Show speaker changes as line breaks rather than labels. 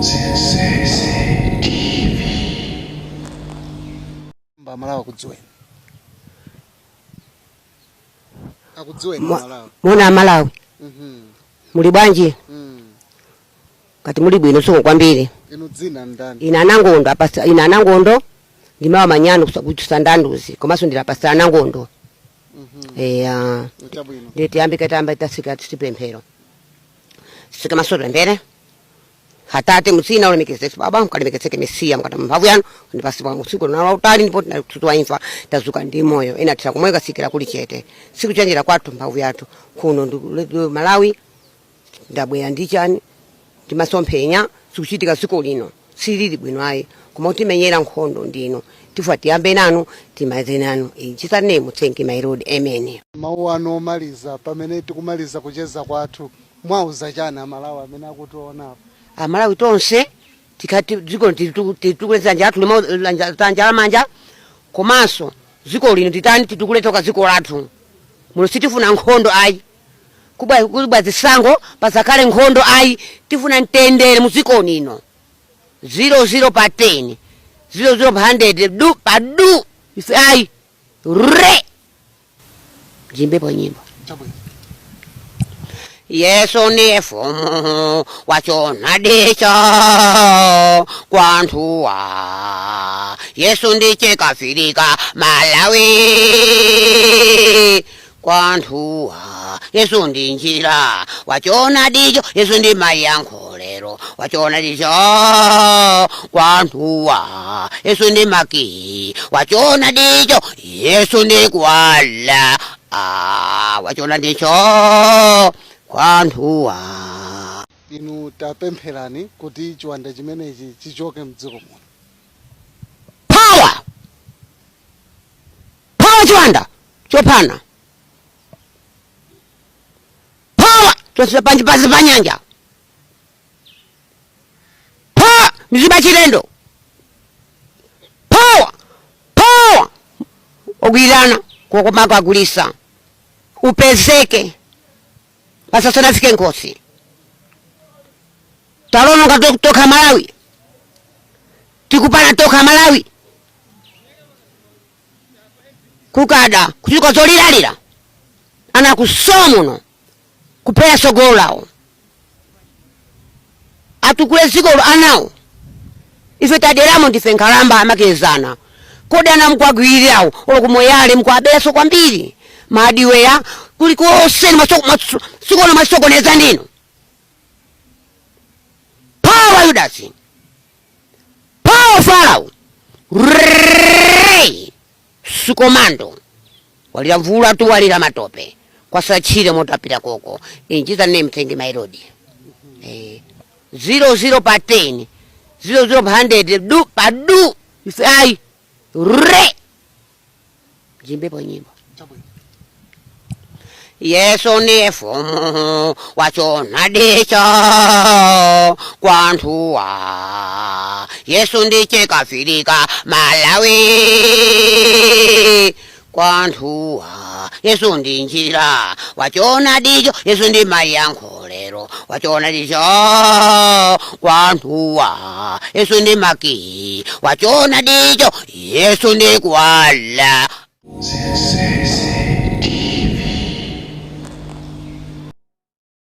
Zezeze malawi akudziweni akudziweni malawi
mona malawi muli bwanji kati muli bwino soko kwambiri
inu dzina ndani
ine anangondo apasa ine Ndi ndimawa manyano kusandanduzi komanso ndilapasa anangondo ndi nditiyambika tamba tasika tipemphero sika masoto mbere hata ate msina ole mikese baba mkali mikese kemesia mkata mbavu yanu ndipasi pa usiku na utali ndipo na tutwa imfa tazuka ndi moyo ina tisa kumweka sikira kuli chete siku chanjira kwatu mbavu yatu kuno ndu Malawi ndabweya ndichani ndimasomphenya sikuchitika siku lino silili bwino ayi koma utimenyera nkhondo ndino tifwa tiyambe nanu timaze nanu ichisanne mutsengi mairodi emene
mawu ano omaliza pamene tikumaliza kucheza kwathu mwauza chani amalawi amene akutiwonapo
amalawi tonse tikati dziko titukuleza njala tulema tanjala manja komanso dziko lino titani titukuletoka dziko lathu muno sitifuna nkhondo ayi kubwa kubwa zisango pasakale nkhondo ayi tifuna mtendere muziko nino 00 pa ten zero pa hundred du pa du ife ayi re jimbe po nyimbo Yesu ni fumu wachona dicho kwantua Yesu ndiche kafirika Malawi kwantua Yesu ndi njira wachona dicho Yesu ndi mai ya nkholero wachona dicho kwantua Yesu ndi maki wachona dicho Yesu ndi kwala ah, wachona dicho kwanthu wa
inu tapempherani kuti chiwanda chimenechi chichoke mdziko muno
pawa pawa chiwanda chopana pawa chonse panjipazi pazi panyanja pawa miziba chilendo pawa pawa ogwirana kokomaka agulisa upezeke Kasasa nafike Nkosi, talonoka toka Malawi, tikupana toka Malawi kukada kucikodzolilalila anakusomuno kupea sogolao atukule zikolo anao. ife taderamo ndife nkaramba amakezana kodi anamkwagwirirawo olokumoyale mkwabelaso kwambiri madiweya kuliko oseni sikona masokoneza ndinu pawa yudasi pawa farao rei sikomando walira mvula tu walira matope kwasachire motapita koko injiza ne mthengi mairodi eh zero zero pa ten zero zero pa hundred du pa du ifai re jimbe po nyimbo Yesu ni fumu wachona dicho kwantuwa Yesu ndiche kafirika Malawi kwantuwa Yesu ndi njira wachona dicho Yesu ndi mai ya nkholero wachona dicho kwantuwa Yesu ndi maki wachona dicho Yesu ndi kwala